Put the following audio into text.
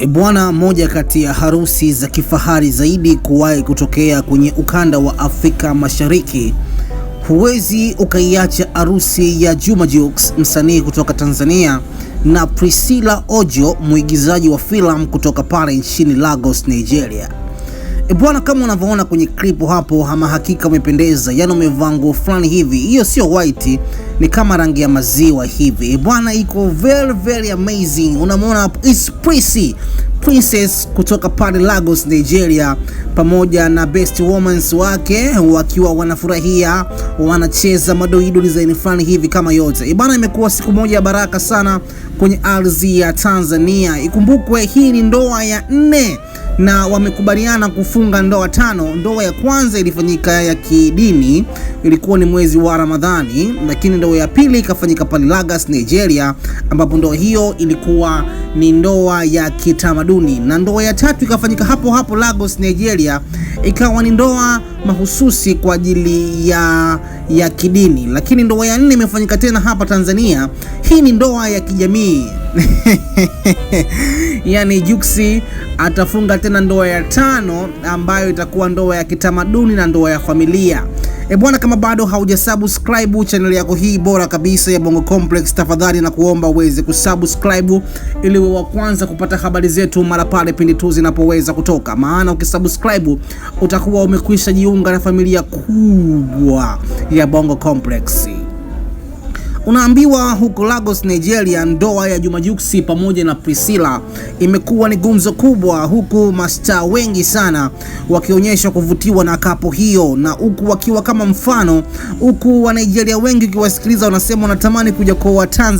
E, Bwana, moja kati ya harusi za kifahari zaidi kuwahi kutokea kwenye ukanda wa Afrika Mashariki. Huwezi ukaiacha harusi ya Juma Jux, msanii kutoka Tanzania, na Priscilla Ojo, mwigizaji wa filamu kutoka pale nchini Lagos, Nigeria. E bwana, kama unavyoona kwenye clip hapo, ama hakika umependeza, yaani umevaa nguo fulani hivi, hiyo sio white, ni kama rangi ya maziwa hivi. E bwana, iko very very amazing. Unamwona hapo is Prissy Princess kutoka pale Lagos, Nigeria, pamoja na best woman wake wakiwa wanafurahia, wanacheza madoido design fulani hivi kama yote. E bwana, imekuwa siku moja ya baraka sana kwenye ardhi ya Tanzania. Ikumbukwe hii ni ndoa ya nne na wamekubaliana kufunga ndoa tano. Ndoa ya kwanza ilifanyika ya kidini, ilikuwa ni mwezi wa Ramadhani, lakini ndoa ya pili ikafanyika pale Lagos, Nigeria, ambapo ndoa hiyo ilikuwa ni ndoa ya kitamaduni, na ndoa ya tatu ikafanyika hapo hapo Lagos, Nigeria, ikawa ni ndoa mahususi kwa ajili ya, ya kidini. Lakini ndoa ya nne imefanyika tena hapa Tanzania. Hii ni ndoa ya kijamii yaani Juksi atafunga tena ndoa ya tano ambayo itakuwa ndoa ya kitamaduni na ndoa ya familia. E bwana, kama bado haujasubscribe channel yako hii bora kabisa ya Bongo Complex, tafadhali na kuomba uweze kusubscribe ili uwe wa kwanza kupata habari zetu mara pale pindi tu zinapoweza kutoka, maana ukisubscribe utakuwa umekwisha jiunga na familia kubwa ya Bongo Complex. Unaambiwa huko Lagos, Nigeria, ndoa ya Juma Jux pamoja na Priscilla imekuwa ni gumzo kubwa, huku mastaa wengi sana wakionyesha kuvutiwa na kapo hiyo, na huku wakiwa kama mfano, huku Wanigeria wengi ukiwasikiliza wanasema wanatamani kuja kwa Tanzania.